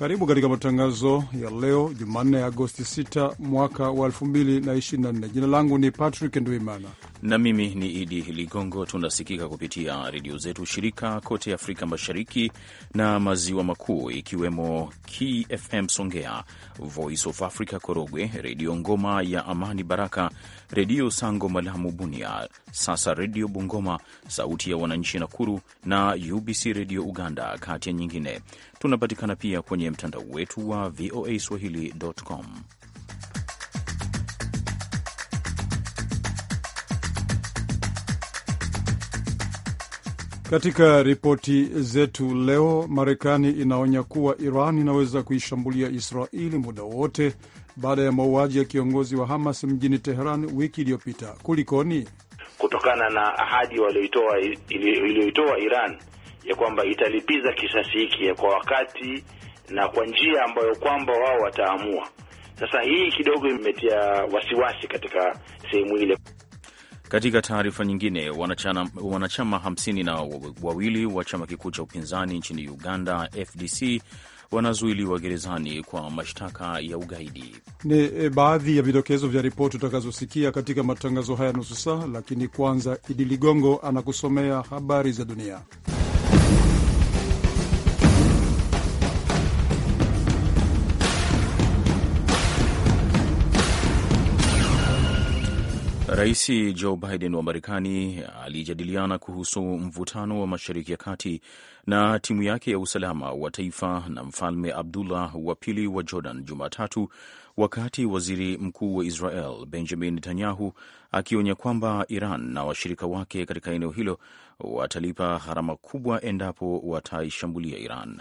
Karibu katika matangazo ya leo Jumanne, Agosti 6 mwaka wa 2024. Jina langu ni Patrick Ndwimana na mimi ni Idi Ligongo. Tunasikika kupitia redio zetu shirika kote Afrika Mashariki na Maziwa Makuu, ikiwemo KFM Songea, Voice of Africa Korogwe, Redio Ngoma ya Amani Baraka, Redio Sango Malamu Bunia, Sasa Redio Bungoma, Sauti ya Wananchi Nakuru na UBC Redio Uganda, kati ya nyingine. Tunapatikana pia kwenye mtandao wetu wa VOA swahili.com. Katika ripoti zetu leo, Marekani inaonya kuwa Iran inaweza kuishambulia Israeli muda wote baada ya mauaji ya kiongozi wa Hamas mjini Teheran wiki iliyopita. Kulikoni? Kutokana na ahadi walioitoa iliyoitoa Iran ya kwamba italipiza kisasi hiki kwa wakati na kwa njia ambayo kwamba wao wataamua. Sasa hii kidogo imetia wasiwasi katika sehemu ile. Katika taarifa nyingine, wanachama, hamsini na wawili wa chama kikuu cha upinzani nchini Uganda FDC wanazuiliwa gerezani kwa mashtaka ya ugaidi. Ni e, baadhi ya vidokezo vya ripoti utakazosikia katika matangazo haya nusu saa, lakini kwanza Idi Ligongo anakusomea habari za dunia. Rais Joe Biden wa Marekani alijadiliana kuhusu mvutano wa Mashariki ya Kati na timu yake ya usalama wa taifa na Mfalme Abdullah wa pili wa Jordan Jumatatu, wakati waziri mkuu wa Israel Benjamin Netanyahu akionya kwamba Iran na washirika wake katika eneo hilo watalipa gharama kubwa endapo wataishambulia Iran.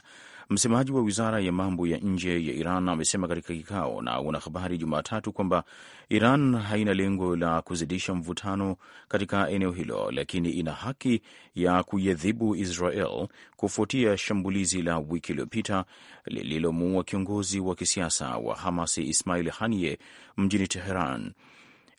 Msemaji wa wizara ya mambo ya nje ya Iran amesema katika kikao na wanahabari Jumatatu kwamba Iran haina lengo la kuzidisha mvutano katika eneo hilo, lakini ina haki ya kuiadhibu Israel kufuatia shambulizi la wiki iliyopita lililomuua kiongozi wa kisiasa wa Hamas Ismail Haniyeh mjini Teheran.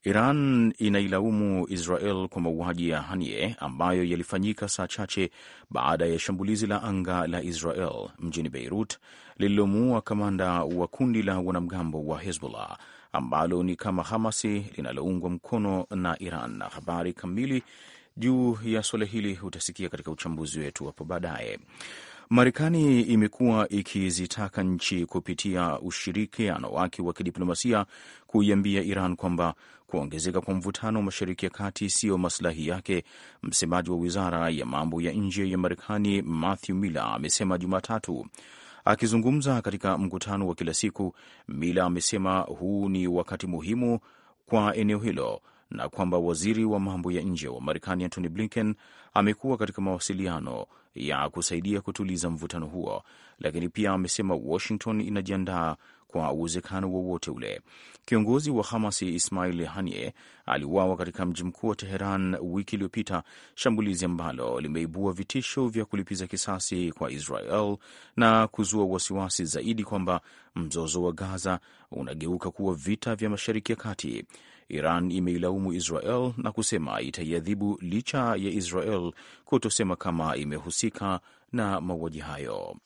Iran inailaumu Israel kwa mauaji ya hanie ambayo yalifanyika saa chache baada ya shambulizi la anga la Israel mjini Beirut lililomuua kamanda wa kundi la wanamgambo wa Hezbollah ambalo ni kama Hamasi linaloungwa mkono na Iran. Na habari kamili juu ya suala hili utasikia katika uchambuzi wetu hapo baadaye. Marekani imekuwa ikizitaka nchi kupitia ushirikiano wake wa kidiplomasia kuiambia Iran kwamba kuongezeka kwa mvutano Mashariki ya Kati siyo maslahi yake. Msemaji wa wizara ya mambo ya nje ya Marekani Matthew Miller amesema Jumatatu akizungumza katika mkutano wa kila siku. Miller amesema huu ni wakati muhimu kwa eneo hilo na kwamba waziri wa mambo ya nje wa Marekani Antony Blinken amekuwa katika mawasiliano ya kusaidia kutuliza mvutano huo, lakini pia amesema Washington inajiandaa kwa uwezekano wowote ule. Kiongozi wa Hamasi Ismail hanie aliuawa katika mji mkuu wa Teheran wiki iliyopita, shambulizi ambalo limeibua vitisho vya kulipiza kisasi kwa Israel na kuzua wasiwasi zaidi kwamba mzozo wa Gaza unageuka kuwa vita vya Mashariki ya Kati. Iran imeilaumu Israel na kusema itaiadhibu licha ya Israel kutosema kama imehusika na mauaji hayo.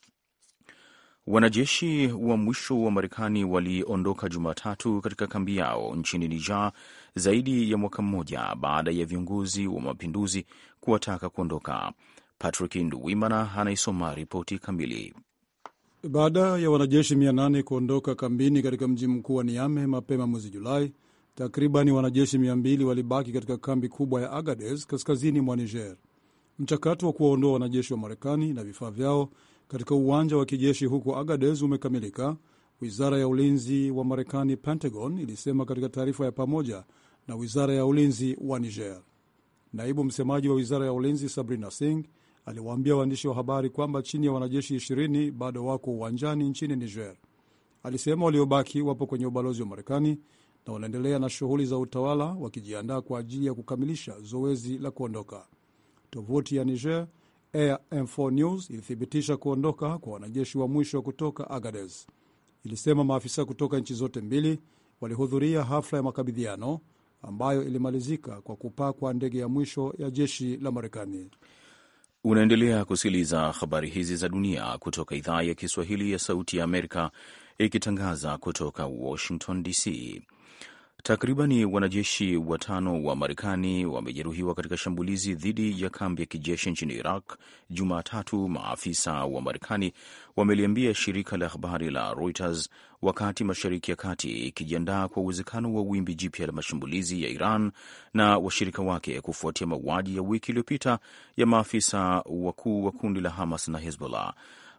Wanajeshi wa mwisho wa Marekani waliondoka Jumatatu katika kambi yao nchini Niger zaidi ya mwaka mmoja baada ya viongozi wa mapinduzi kuwataka kuondoka. Patrick Nduwimana anaisoma ripoti kamili. Baada ya wanajeshi 800 kuondoka kambini katika mji mkuu wa Niame mapema mwezi Julai, Takribani wanajeshi 200 walibaki katika kambi kubwa ya Agades kaskazini mwa Niger. Mchakato wa kuwaondoa wanajeshi wa Marekani na vifaa vyao katika uwanja wa kijeshi huko Agades umekamilika, wizara ya ulinzi wa Marekani, Pentagon, ilisema katika taarifa ya pamoja na wizara ya ulinzi wa Niger. Naibu msemaji wa wizara ya ulinzi Sabrina Singh aliwaambia waandishi wa habari kwamba chini ya wanajeshi 20 bado wako uwanjani nchini Niger. Alisema waliobaki wapo kwenye ubalozi wa Marekani na wanaendelea na shughuli za utawala wakijiandaa kwa ajili ya kukamilisha zoezi la kuondoka. Tovuti ya Niger Air News ilithibitisha kuondoka kwa wanajeshi wa mwisho kutoka Agades. Ilisema maafisa kutoka nchi zote mbili walihudhuria hafla ya makabidhiano ambayo ilimalizika kwa kupaa kwa ndege ya mwisho ya jeshi la Marekani. Unaendelea kusikiliza habari hizi za dunia kutoka idhaa ya Kiswahili ya Sauti ya Amerika, ikitangaza kutoka Washington DC. Takribani wanajeshi watano wa Marekani wamejeruhiwa katika shambulizi dhidi ya kambi ya kijeshi nchini Iraq Jumatatu, maafisa wa Marekani wameliambia shirika la habari la Reuters, wakati Mashariki ya Kati ikijiandaa kwa uwezekano wa wimbi jipya la mashambulizi ya Iran na washirika wake kufuatia mauaji ya wiki iliyopita ya maafisa wakuu wa kundi la Hamas na Hezbollah.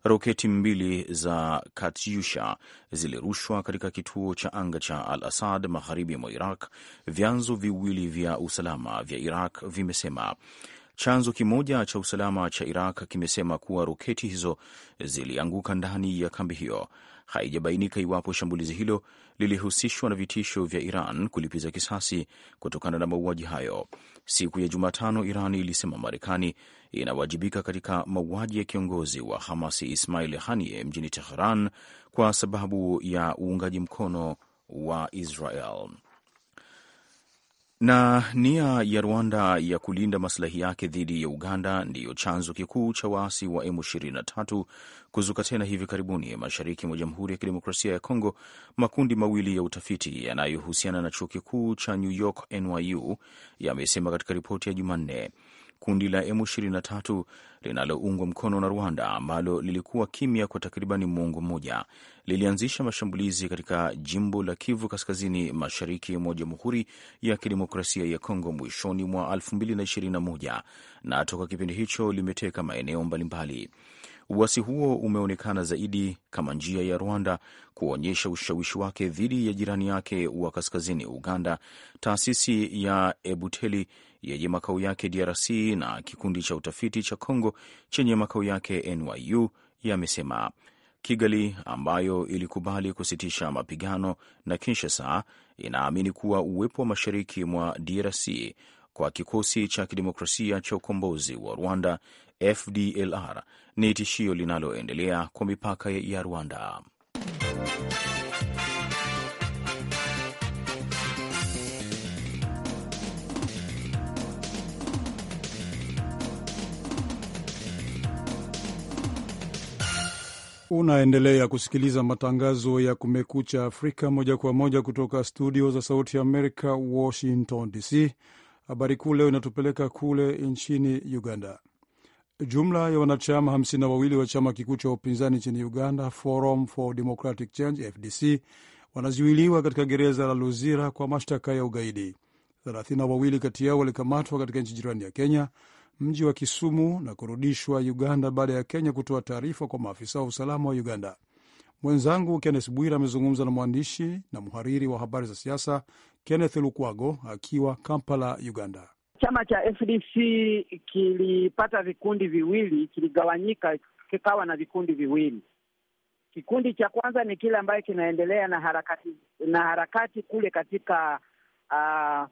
Roketi mbili za Katyusha zilirushwa katika kituo cha anga cha Al Asad magharibi mwa Iraq, vyanzo viwili vya usalama vya Iraq vimesema. Chanzo kimoja cha usalama cha Iraq kimesema kuwa roketi hizo zilianguka ndani ya kambi hiyo. Haijabainika iwapo shambulizi hilo lilihusishwa na vitisho vya Iran kulipiza kisasi kutokana na mauaji hayo. Siku ya Jumatano, Iran ilisema Marekani inawajibika katika mauaji ya kiongozi wa Hamas Ismail Haniyeh mjini Tehran kwa sababu ya uungaji mkono wa Israel na nia ya Rwanda ya kulinda masilahi yake dhidi ya Uganda ndiyo chanzo kikuu cha waasi wa M23 kuzuka tena hivi karibuni mashariki mwa Jamhuri ya Kidemokrasia ya Kongo. Makundi mawili ya utafiti yanayohusiana na chuo kikuu cha New York NYU yamesema katika ripoti ya Jumanne kundi la M23 linaloungwa mkono na Rwanda ambalo lilikuwa kimya kwa takribani muongo mmoja lilianzisha mashambulizi katika jimbo la Kivu kaskazini mashariki mwa Jamhuri ya Kidemokrasia ya Kongo mwishoni mwa 2021 na toka kipindi hicho limeteka maeneo mbalimbali mbali. Uasi huo umeonekana zaidi kama njia ya Rwanda kuonyesha ushawishi wake dhidi ya jirani yake wa kaskazini Uganda. Taasisi ya Ebuteli yenye makao yake DRC na kikundi cha utafiti cha Kongo chenye makao yake NYU yamesema Kigali ambayo ilikubali kusitisha mapigano na Kinshasa inaamini kuwa uwepo wa mashariki mwa DRC kwa kikosi cha kidemokrasia cha ukombozi wa Rwanda FDLR ni tishio linaloendelea kwa mipaka ya Rwanda. Unaendelea kusikiliza matangazo ya Kumekucha Afrika moja kwa moja kutoka studio za Sauti ya Amerika, Washington DC. Habari kuu leo inatupeleka kule nchini Uganda. Jumla ya wanachama hamsini na wawili wa chama kikuu cha upinzani nchini Uganda, Forum for Democratic Change, FDC, wanazuiliwa katika gereza la Luzira kwa mashtaka ya ugaidi. Thelathini na wawili kati yao walikamatwa katika nchi jirani ya Kenya, mji wa Kisumu, na kurudishwa Uganda baada ya Kenya kutoa taarifa kwa maafisa wa usalama wa Uganda. Mwenzangu Kennes Bwira amezungumza na mwandishi na mhariri wa habari za siasa Kenneth Lukwago akiwa Kampala, Uganda. Chama cha FDC kilipata vikundi viwili, kiligawanyika kikawa na vikundi viwili. Kikundi cha kwanza ni kile ambayo kinaendelea na harakati na harakati kule katika uh,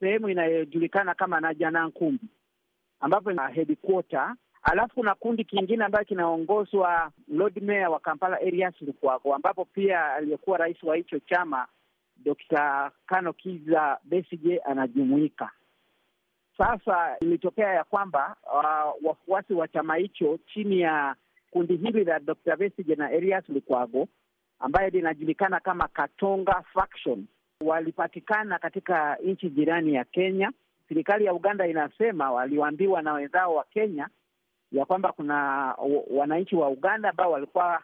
sehemu inayojulikana kama Najana Nkumbi ambapo ina headquarter. Alafu kuna kundi kingine ambayo kinaongozwa Lord Mayor wa Kampala Erias Lukwago, ambapo pia aliyekuwa rais wa hicho chama Dkt. Kano Kiza Besije anajumuika. Sasa ilitokea ya kwamba uh, wafuasi wa chama hicho chini ya kundi hili la d besige na Elias Lukwago ambaye linajulikana kama Katonga Faction walipatikana katika nchi jirani ya Kenya. Serikali ya Uganda inasema waliwaambiwa na wenzao wa Kenya ya kwamba kuna wananchi wa Uganda ambao walikuwa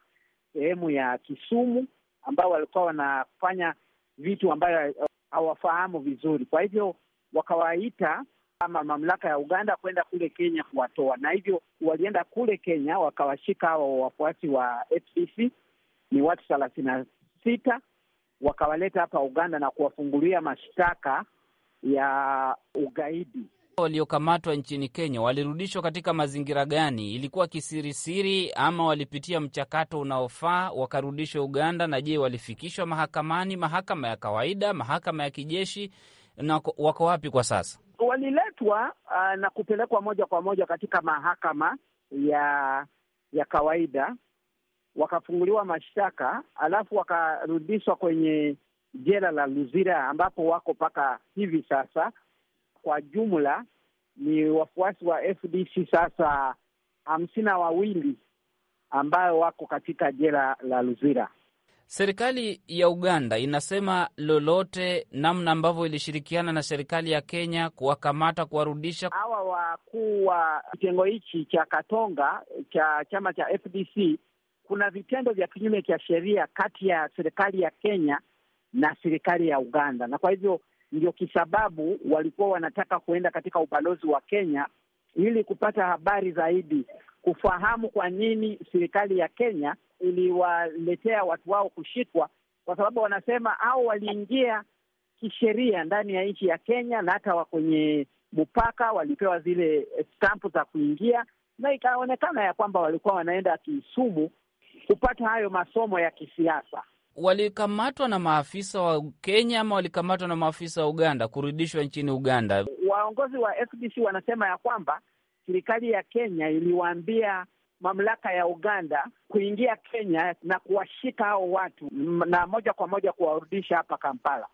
sehemu ya Kisumu ambao walikuwa wanafanya vitu ambayo eh, hawafahamu vizuri. Kwa hivyo wakawaita ama mamlaka ya Uganda kwenda kule Kenya kuwatoa, na hivyo walienda kule Kenya wakawashika hawa wafuasi wa FCC, ni watu thelathini na sita, wakawaleta hapa Uganda na kuwafungulia mashtaka ya ugaidi waliokamatwa nchini Kenya walirudishwa katika mazingira gani? Ilikuwa kisirisiri ama walipitia mchakato unaofaa wakarudishwa Uganda? Na je, walifikishwa mahakamani, mahakama ya kawaida, mahakama ya kijeshi? Na wako wapi kwa sasa? Waliletwa uh, na kupelekwa moja kwa moja katika mahakama ya ya kawaida, wakafunguliwa mashtaka, alafu wakarudishwa kwenye jela la Luzira ambapo wako mpaka hivi sasa kwa jumla ni wafuasi wa FDC sasa hamsini na wawili ambayo wako katika jela la Luzira. Serikali ya Uganda inasema lolote namna ambavyo ilishirikiana na serikali ya Kenya kuwakamata, kuwarudisha hawa wakuu wa kitengo hichi cha Katonga cha chama cha FDC. Kuna vitendo vya kinyume cha sheria kati ya serikali ya Kenya na serikali ya Uganda, na kwa hivyo ndio kisababu walikuwa wanataka kuenda katika ubalozi wa Kenya ili kupata habari zaidi, kufahamu kwa nini serikali ya Kenya iliwaletea watu wao kushikwa, kwa sababu wanasema au waliingia kisheria ndani ya nchi ya Kenya na hata kwenye mpaka walipewa zile stampu za kuingia, na ikaonekana ya kwamba walikuwa wanaenda Kisumu kupata hayo masomo ya kisiasa walikamatwa na maafisa wa Kenya ama walikamatwa na maafisa wa Uganda kurudishwa nchini Uganda? Waongozi wa FDC wanasema ya kwamba serikali ya Kenya iliwaambia mamlaka ya Uganda kuingia Kenya na kuwashika hao watu na moja kwa moja kuwarudisha hapa Kampala.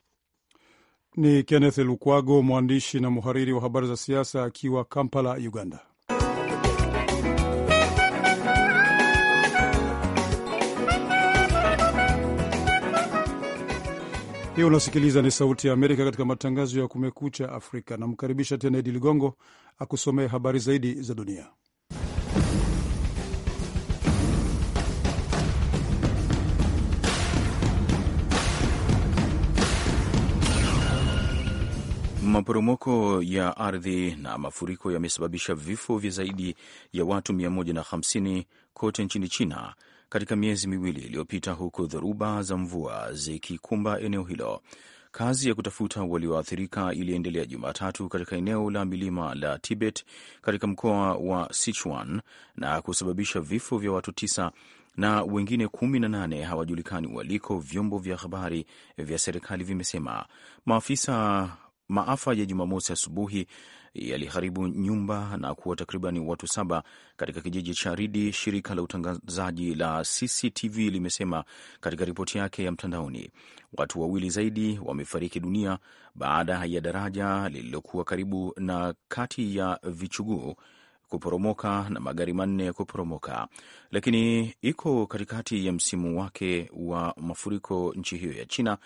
Ni Kenneth Lukwago, mwandishi na mhariri wa habari za siasa, akiwa Kampala, Uganda. Hiyo unasikiliza ni Sauti ya Amerika katika matangazo ya Kumekucha Afrika. Namkaribisha tena Idi Ligongo akusomee habari zaidi za dunia. Maporomoko ya ardhi na mafuriko yamesababisha vifo vya zaidi ya watu 150 kote nchini China katika miezi miwili iliyopita, huku dhoruba za mvua zikikumba eneo hilo. Kazi ya kutafuta walioathirika iliendelea Jumatatu katika eneo la milima la Tibet katika mkoa wa Sichuan na kusababisha vifo vya watu tisa na wengine kumi na nane hawajulikani waliko, vyombo vya habari vya serikali vimesema. Maafisa maafa ya Jumamosi asubuhi yaliharibu nyumba na kuwa takriban watu saba katika kijiji cha Ridi. Shirika la utangazaji la CCTV limesema katika ripoti yake ya mtandaoni, watu wawili zaidi wamefariki dunia baada ya daraja lililokuwa karibu na kati ya vichuguu kuporomoka na magari manne ya kuporomoka. Lakini iko katikati ya msimu wake wa mafuriko nchi hiyo ya China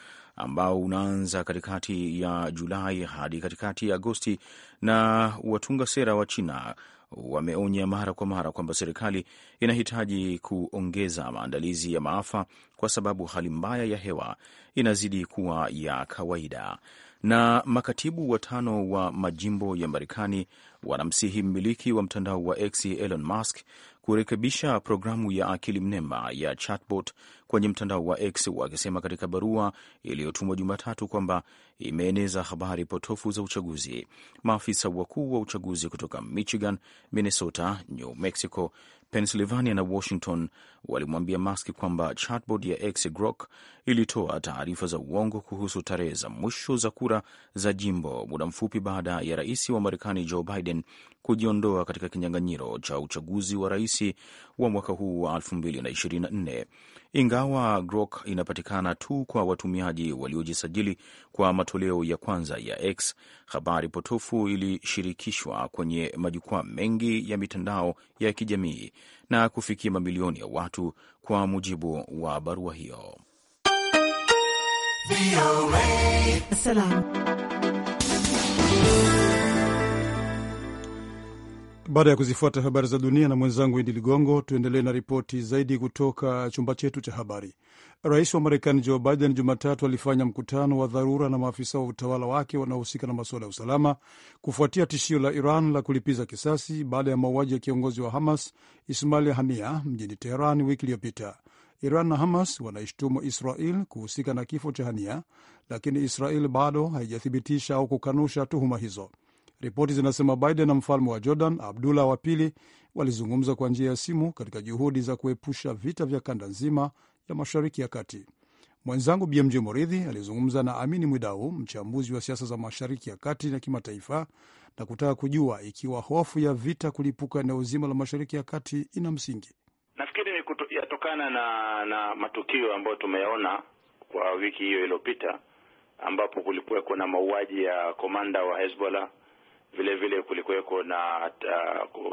ambao unaanza katikati ya Julai hadi katikati ya Agosti, na watunga sera wa China wameonya mara kwa mara kwamba serikali inahitaji kuongeza maandalizi ya maafa kwa sababu hali mbaya ya hewa inazidi kuwa ya kawaida. Na makatibu watano wa majimbo ya Marekani wanamsihi mmiliki wa mtandao wa X Elon Musk kurekebisha programu ya akili mnemba ya chatbot kwenye mtandao wa X wakisema katika barua iliyotumwa Jumatatu kwamba imeeneza habari potofu za uchaguzi. Maafisa wakuu wa uchaguzi kutoka Michigan, Minnesota, New Mexico, Pennsylvania na Washington walimwambia Musk kwamba chatbot ya X Grok ilitoa taarifa za uongo kuhusu tarehe za mwisho za kura za jimbo muda mfupi baada ya rais wa Marekani Joe Biden kujiondoa katika kinyang'anyiro cha uchaguzi wa rais wa mwaka huu wa 2024. Ingawa Grok inapatikana tu kwa watumiaji waliojisajili kwa matoleo ya kwanza ya X, habari potofu ilishirikishwa kwenye majukwaa mengi ya mitandao ya kijamii na kufikia mamilioni ya watu, kwa mujibu wa barua hiyo. Baada ya kuzifuata habari za dunia na mwenzangu Idi Ligongo, tuendelee na ripoti zaidi kutoka chumba chetu cha habari. Rais wa Marekani Joe Biden Jumatatu alifanya mkutano wa dharura na maafisa wa utawala wake wanaohusika na masuala ya usalama kufuatia tishio la Iran la kulipiza kisasi baada ya mauaji ya kiongozi wa Hamas Ismail Hamia mjini Teheran wiki iliyopita. Iran na Hamas wanaishtumu Israel kuhusika na kifo cha hania lakini Israel bado haijathibitisha au kukanusha tuhuma hizo. Ripoti zinasema Biden na mfalme wa Jordan Abdullah wa pili walizungumza kwa njia ya simu katika juhudi za kuepusha vita vya kanda nzima ya Mashariki ya Kati. Mwenzangu BMJ Moridhi alizungumza na Amini Mwidau, mchambuzi wa siasa za Mashariki ya Kati na kimataifa, na kutaka kujua ikiwa hofu ya vita kulipuka eneo zima la Mashariki ya Kati ina msingi. Nafikiri ni yatokana na na matukio ambayo tumeyaona kwa wiki hiyo iliyopita, ambapo kulikuweko na mauaji ya komanda wa Hezbollah vile vile kulikuweko na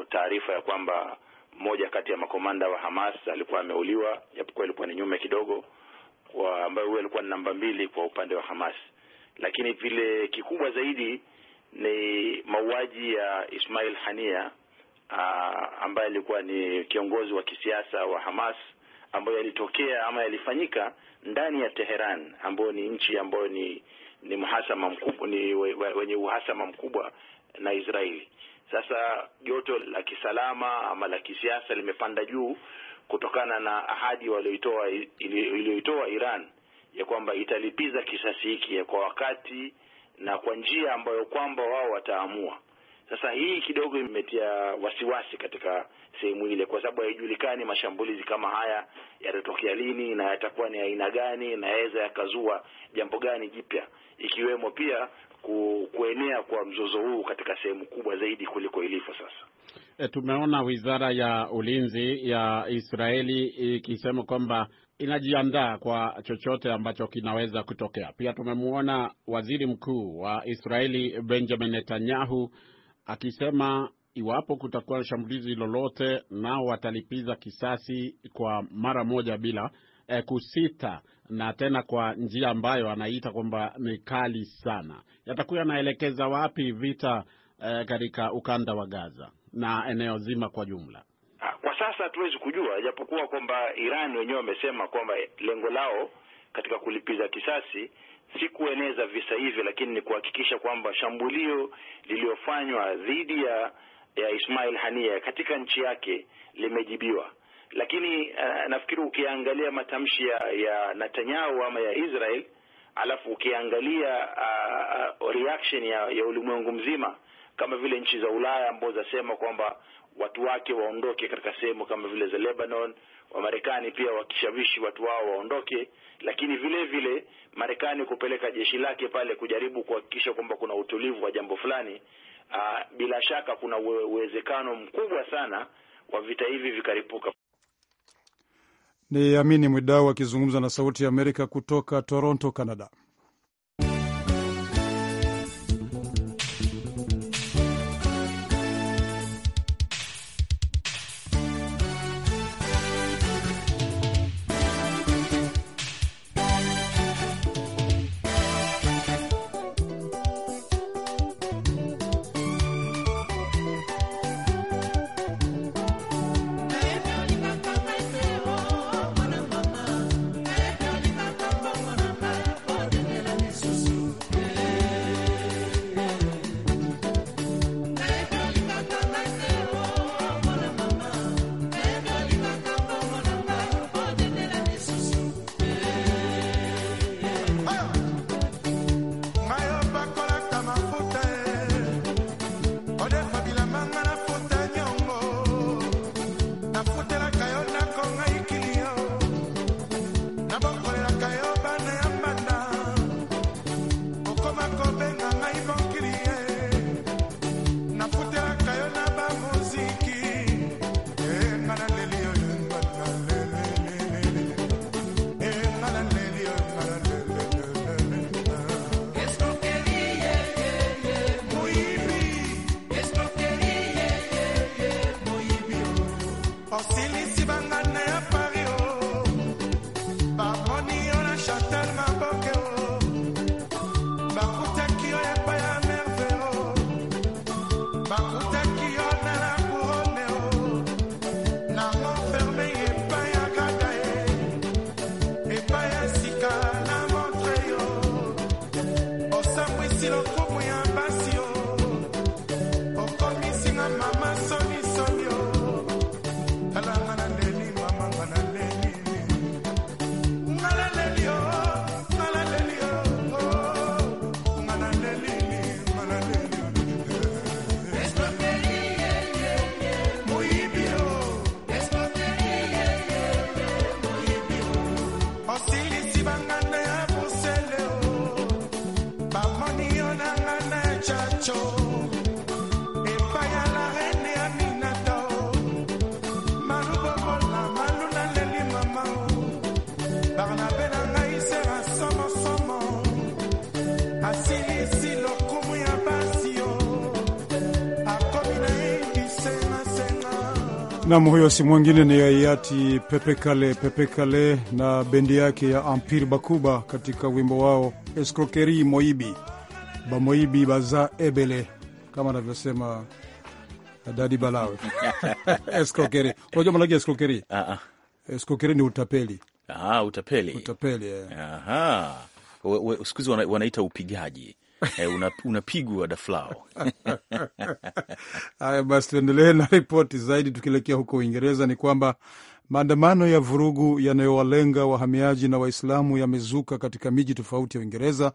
taarifa ya kwamba mmoja kati ya makomanda wa Hamas alikuwa ameuliwa, japokuwa ilikuwa ni nyume kidogo, kwa ambayo huyo alikuwa ni namba mbili kwa upande wa Hamas. Lakini vile kikubwa zaidi ni mauaji ya Ismail Hania ambaye alikuwa ni kiongozi wa kisiasa wa Hamas ambayo yalitokea ama yalifanyika ndani ya Teheran ambayo ni nchi ambayo ni ni mhasama mkubwa, ni wenye uhasama mkubwa na Israeli. Sasa joto la kisalama ama la kisiasa limepanda juu kutokana na ahadi walioitoa iliyoitoa Iran ya kwamba italipiza kisasi hiki kwa wakati na kwa njia ambayo kwamba wao wataamua. Sasa hii kidogo imetia wasiwasi katika sehemu ile, kwa sababu haijulikani mashambulizi kama haya yatatokea lini na yatakuwa ni aina gani, na yaweza yakazua jambo gani jipya, ikiwemo pia ku, kuenea kwa mzozo huu katika sehemu kubwa zaidi kuliko ilivyo sasa. E, tumeona wizara ya ulinzi ya Israeli ikisema kwamba inajiandaa kwa chochote ambacho kinaweza kutokea. Pia tumemwona waziri mkuu wa Israeli Benjamin Netanyahu akisema iwapo kutakuwa na shambulizi lolote, nao watalipiza kisasi kwa mara moja bila e, kusita na tena kwa njia ambayo anaita kwamba ni kali sana, yatakuwa yanaelekeza wapi vita eh, katika ukanda wa Gaza na eneo zima kwa jumla? Ah, kwa sasa hatuwezi kujua, japokuwa kwamba Iran wenyewe wamesema kwamba lengo lao katika kulipiza kisasi si kueneza visa hivi, lakini ni kuhakikisha kwamba shambulio liliyofanywa dhidi ya ya Ismail Hania katika nchi yake limejibiwa. Lakini uh, nafikiri ukiangalia matamshi ya, ya Netanyahu ama ya Israel alafu ukiangalia uh, uh, reaction ya, ya ulimwengu mzima kama vile nchi za Ulaya ambazo zasema kwamba watu wake waondoke katika sehemu kama vile za Lebanon, Wamarekani pia wakishawishi watu wao waondoke, lakini vile vile Marekani kupeleka jeshi lake pale kujaribu kuhakikisha kwamba kuna utulivu wa jambo fulani. Aa, ah, bila shaka kuna uwezekano mkubwa sana wa vita hivi vikaripuka. Ni Amini Mwidau akizungumza na Sauti ya Amerika kutoka Toronto, Canada. Nam, huyo si mwingine ni hayati Pepekale Pepekale na bendi yake ya Ampir Bakuba katika wimbo wao Eskrokeri Moibi Bamoibi Baza Ebele, kama anavyosema Dadi Balawe. Eskrokeri, unajua ah, ah. ni utapeli. Aha, utapeli, utapeli, yeah. Aha, siku hizi wanaita upigaji eh, unapigwa una daflao. Haya basi, tuendelee na ripoti zaidi. Tukielekea huko Uingereza ni kwamba maandamano ya vurugu yanayowalenga wahamiaji na Waislamu yamezuka katika miji tofauti ya Uingereza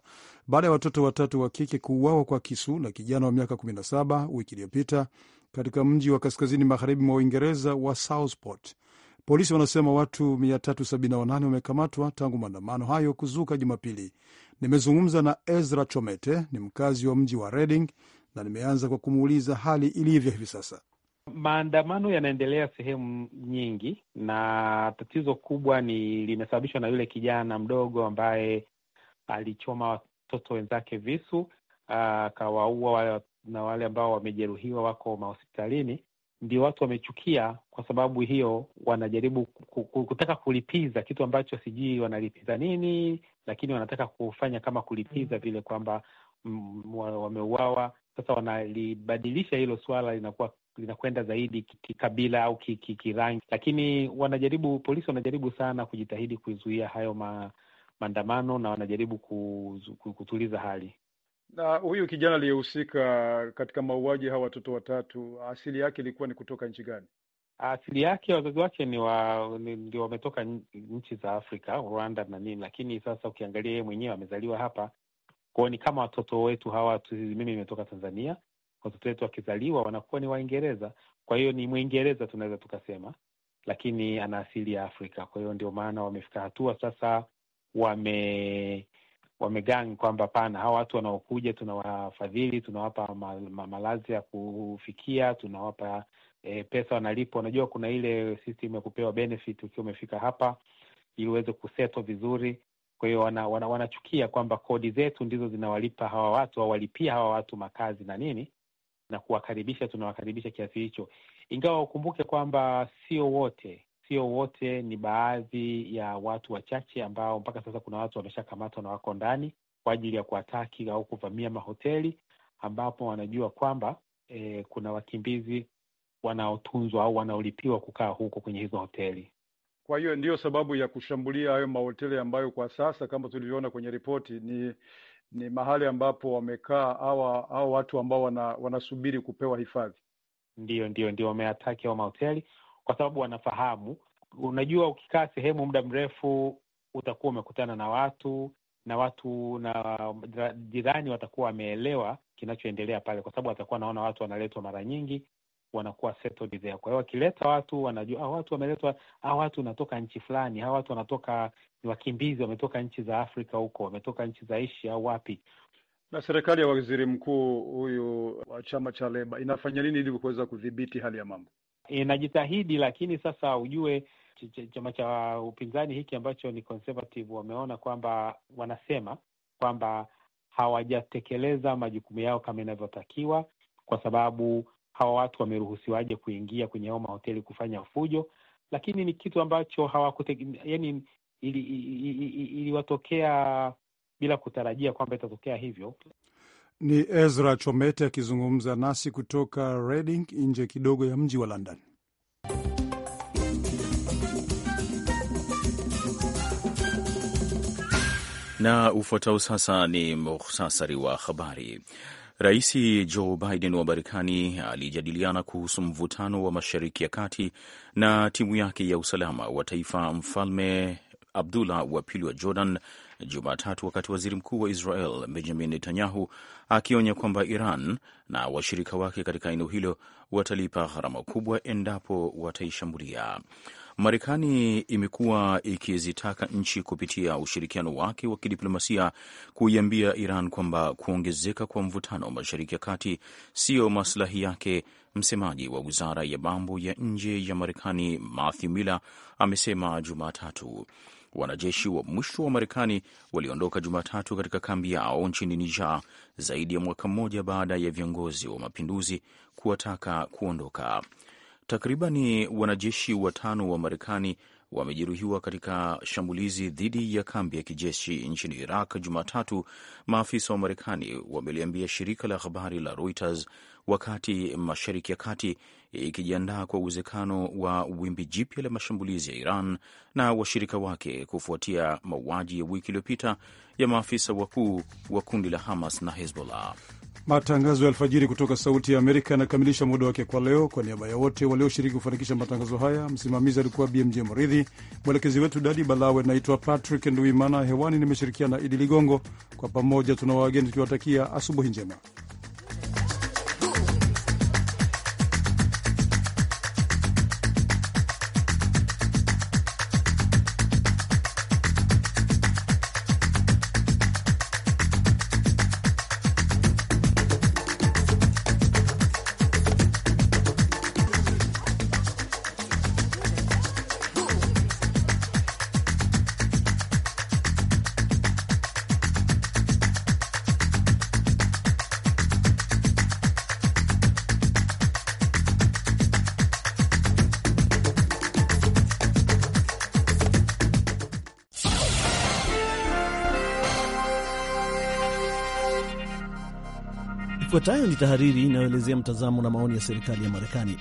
baada ya watoto watatu wa kike kuuawa kwa kisu na kijana wa miaka 17 wiki iliyopita katika mji wa kaskazini magharibi mwa Uingereza wa Southport. Polisi wanasema watu 378 wamekamatwa tangu maandamano hayo kuzuka Jumapili. Nimezungumza na Ezra Chomete, ni mkazi wa mji wa Reading, na nimeanza kwa kumuuliza hali ilivyo hivi sasa. Maandamano yanaendelea sehemu nyingi, na tatizo kubwa ni limesababishwa na yule kijana mdogo ambaye alichoma watoto wenzake visu akawaua, na wale ambao wamejeruhiwa wako mahospitalini ndio watu wamechukia kwa sababu hiyo, wanajaribu kutaka kulipiza kitu ambacho sijui wanalipiza nini, lakini wanataka kufanya kama kulipiza mm. vile kwamba mm, wameuawa. Sasa wanalibadilisha hilo swala, linakuwa linakwenda zaidi kikabila au kirangi, lakini wanajaribu, polisi wanajaribu sana kujitahidi kuzuia hayo ma, maandamano na wanajaribu kutuliza hali. Na huyu kijana aliyehusika katika mauaji hawa watoto watatu, asili yake ilikuwa ni kutoka nchi gani? Asili yake wazazi wake ni wa ndio wametoka nchi za Afrika, Rwanda na nini, lakini sasa ukiangalia yeye mwenyewe amezaliwa hapa kwao, ni kama watoto wetu hawa. Mimi nimetoka Tanzania, watoto wetu wakizaliwa wanakuwa ni Waingereza, kwa hiyo ni Mwingereza tunaweza tukasema, lakini ana asili ya Afrika. Kwa hiyo ndio maana wamefika hatua sasa wame wamegang kwamba pana hawa watu wanaokuja tunawafadhili, tunawapa malazi ya kufikia, tunawapa e, pesa wanalipo. Unajua kuna ile system ya kupewa benefit ukiwa umefika hapa ili uweze kuseto vizuri. Kwa hiyo wana, wana, wanachukia kwamba kodi zetu ndizo zinawalipa hawa watu au walipia hawa watu makazi na nini na kuwakaribisha, tunawakaribisha kiasi hicho, ingawa ukumbuke kwamba sio wote sio wote, ni baadhi ya watu wachache ambao mpaka sasa kuna watu wameshakamatwa na wako ndani kwa ajili ya kuwataki au kuvamia mahoteli ambapo wanajua kwamba e, kuna wakimbizi wanaotunzwa au wanaolipiwa kukaa huko kwenye hizo hoteli. Kwa hiyo ndiyo sababu ya kushambulia hayo mahoteli ambayo kwa sasa kama tulivyoona kwenye ripoti ni ni mahali ambapo wamekaa hawa hawa watu ambao wana, wanasubiri kupewa hifadhi. ndio ndio ndio wameataki hao mahoteli kwa sababu wanafahamu. Unajua, ukikaa sehemu muda mrefu utakuwa umekutana na watu na watu na jirani watakuwa wameelewa kinachoendelea pale, kwa sababu watakuwa wanaona watu wanaletwa mara nyingi, wanakuwa settled there. Kwa hiyo wakileta watu wanajua, ah, watu wameletwa, ah, watu wanatoka nchi fulani, ah, watu wanatoka ni wakimbizi, wametoka nchi za Afrika huko, wametoka nchi za Asia au wapi. Na serikali ya waziri mkuu huyu wa chama cha Leba inafanya nini ili kuweza kudhibiti hali ya mambo? inajitahidi, lakini sasa ujue chama cha upinzani hiki ambacho ni conservative wameona kwamba wanasema kwamba hawajatekeleza majukumu yao kama inavyotakiwa, kwa sababu hawa watu wameruhusiwaje kuingia kwenye hao mahoteli kufanya fujo, lakini ni kitu ambacho hawakute, yani iliwatokea ili, ili, ili bila kutarajia kwamba itatokea hivyo. Ni Ezra Chomete akizungumza nasi kutoka Reading, nje kidogo ya mji wa London. Na ufuatao sasa ni muhtasari wa habari. Rais Joe Biden wa Marekani alijadiliana kuhusu mvutano wa Mashariki ya Kati na timu yake ya usalama wa taifa, mfalme Abdullah wa pili wa Jordan Jumatatu, wakati waziri mkuu wa Israel Benjamin Netanyahu akionya kwamba Iran na washirika wake katika eneo hilo watalipa gharama kubwa endapo wataishambulia. Marekani imekuwa ikizitaka nchi kupitia ushirikiano wake wa kidiplomasia kuiambia Iran kwamba kuongezeka kwa mvutano mashariki ya kati siyo maslahi yake. Msemaji wa wizara ya mambo ya nje ya Marekani Matthew Miller amesema Jumatatu Wanajeshi wa mwisho wa Marekani waliondoka Jumatatu katika kambi yao nchini Niger, zaidi ya mwaka mmoja baada ya viongozi wa mapinduzi kuwataka kuondoka. Takribani wanajeshi watano wa Marekani wamejeruhiwa katika shambulizi dhidi ya kambi ya kijeshi nchini Iraq Jumatatu, maafisa wa Marekani wameliambia shirika la habari la Reuters, wakati Mashariki ya Kati ikijiandaa kwa uwezekano wa wimbi jipya la mashambulizi ya Iran na washirika wake kufuatia mauaji ya wiki iliyopita ya maafisa wakuu wa kundi la Hamas na Hezbollah. Matangazo ya alfajiri kutoka Sauti ya Amerika yanakamilisha muda wake kwa leo. Kwa niaba ya wote walioshiriki kufanikisha matangazo haya, msimamizi alikuwa BMJ Mridhi, mwelekezi wetu Dadi Balawe. Naitwa Patrick Nduimana, hewani nimeshirikiana na Idi Ligongo. Kwa pamoja tuna wageni tukiwatakia asubuhi njema. Ifuatayo ni tahariri inayoelezea mtazamo na maoni ya serikali ya Marekani.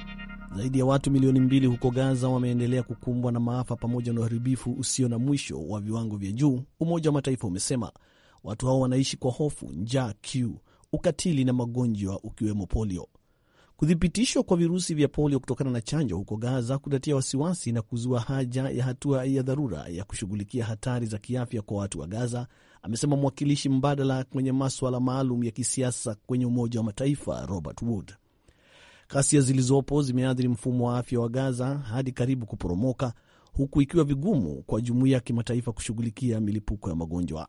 Zaidi ya watu milioni mbili huko Gaza wameendelea kukumbwa na maafa pamoja na uharibifu usio na mwisho wa viwango vya juu, Umoja wa Mataifa umesema. Watu hao wanaishi kwa hofu, njaa, kiu, ukatili na magonjwa ukiwemo polio. Kuthibitishwa kwa virusi vya polio kutokana na chanjo huko Gaza kutatia wasiwasi na kuzua haja ya hatua ya dharura ya kushughulikia hatari za kiafya kwa watu wa Gaza amesema mwakilishi mbadala kwenye maswala maalum ya kisiasa kwenye Umoja wa Mataifa Robert Wood. Ghasia zilizopo zimeathiri mfumo wa afya wa Gaza hadi karibu kuporomoka, huku ikiwa vigumu kwa jumuiya ya kimataifa kushughulikia milipuko ya magonjwa.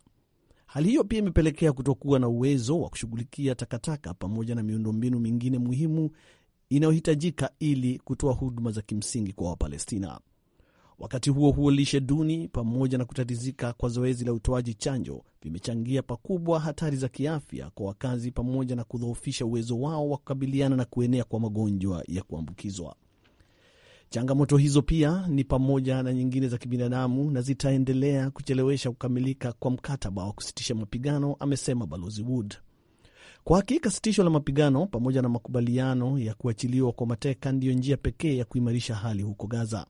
Hali hiyo pia imepelekea kutokuwa na uwezo wa kushughulikia takataka pamoja na miundombinu mingine muhimu inayohitajika ili kutoa huduma za kimsingi kwa Wapalestina. Wakati huo huo, lishe duni pamoja na kutatizika kwa zoezi la utoaji chanjo vimechangia pakubwa hatari za kiafya kwa wakazi pamoja na kudhoofisha uwezo wao wa kukabiliana na kuenea kwa magonjwa ya kuambukizwa. Changamoto hizo pia ni pamoja na nyingine za kibinadamu na zitaendelea kuchelewesha kukamilika kwa mkataba wa kusitisha mapigano, amesema Balozi Wood. Kwa hakika sitisho la mapigano pamoja na makubaliano ya kuachiliwa kwa mateka ndiyo njia pekee ya kuimarisha hali huko Gaza.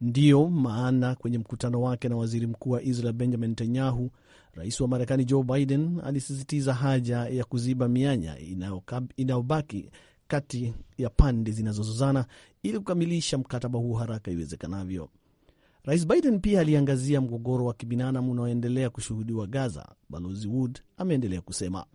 Ndiyo maana kwenye mkutano wake na waziri mkuu wa Israel Benjamin Netanyahu, rais wa Marekani Joe Biden alisisitiza haja ya kuziba mianya inayobaki kati ya pande zinazozozana ili kukamilisha mkataba huu haraka iwezekanavyo. Rais Biden pia aliangazia mgogoro wa kibinadamu unaoendelea kushuhudiwa Gaza. Balozi Wood ameendelea kusema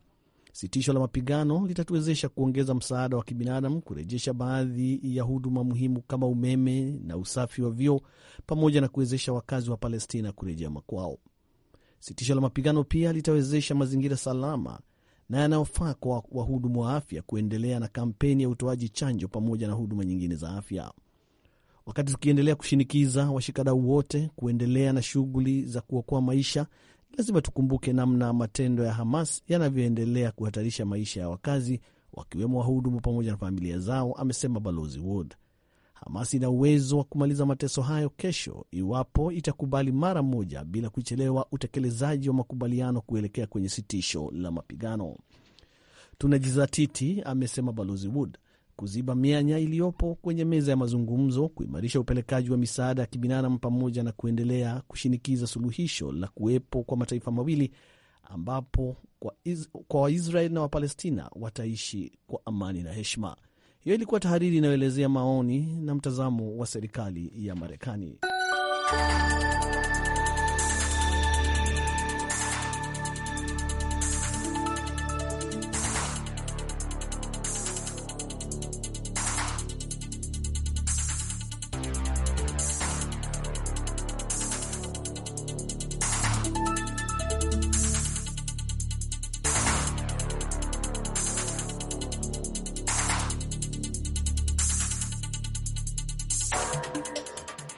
Sitisho la mapigano litatuwezesha kuongeza msaada wa kibinadamu, kurejesha baadhi ya huduma muhimu kama umeme na usafi wa vyoo, pamoja na kuwezesha wakazi wa Palestina kurejea makwao. Sitisho la mapigano pia litawezesha mazingira salama na yanayofaa kwa wahudumu wa afya kuendelea na kampeni ya utoaji chanjo pamoja na huduma nyingine za afya, wakati tukiendelea kushinikiza washikadau wote kuendelea na shughuli za kuokoa maisha Lazima tukumbuke namna matendo ya Hamas yanavyoendelea kuhatarisha maisha ya wakazi, wakiwemo wahudumu pamoja na familia zao, amesema Balozi Wood. Hamas ina uwezo wa kumaliza mateso hayo kesho iwapo itakubali mara moja bila kuchelewa utekelezaji wa makubaliano kuelekea kwenye sitisho la mapigano. Tunajizatiti, amesema Balozi Wood, kuziba mianya iliyopo kwenye meza ya mazungumzo, kuimarisha upelekaji wa misaada ya kibinadamu, pamoja na kuendelea kushinikiza suluhisho la kuwepo kwa mataifa mawili ambapo kwa Waisraeli na Wapalestina wataishi kwa amani na heshima. Hiyo ilikuwa tahariri inayoelezea maoni na mtazamo wa serikali ya Marekani.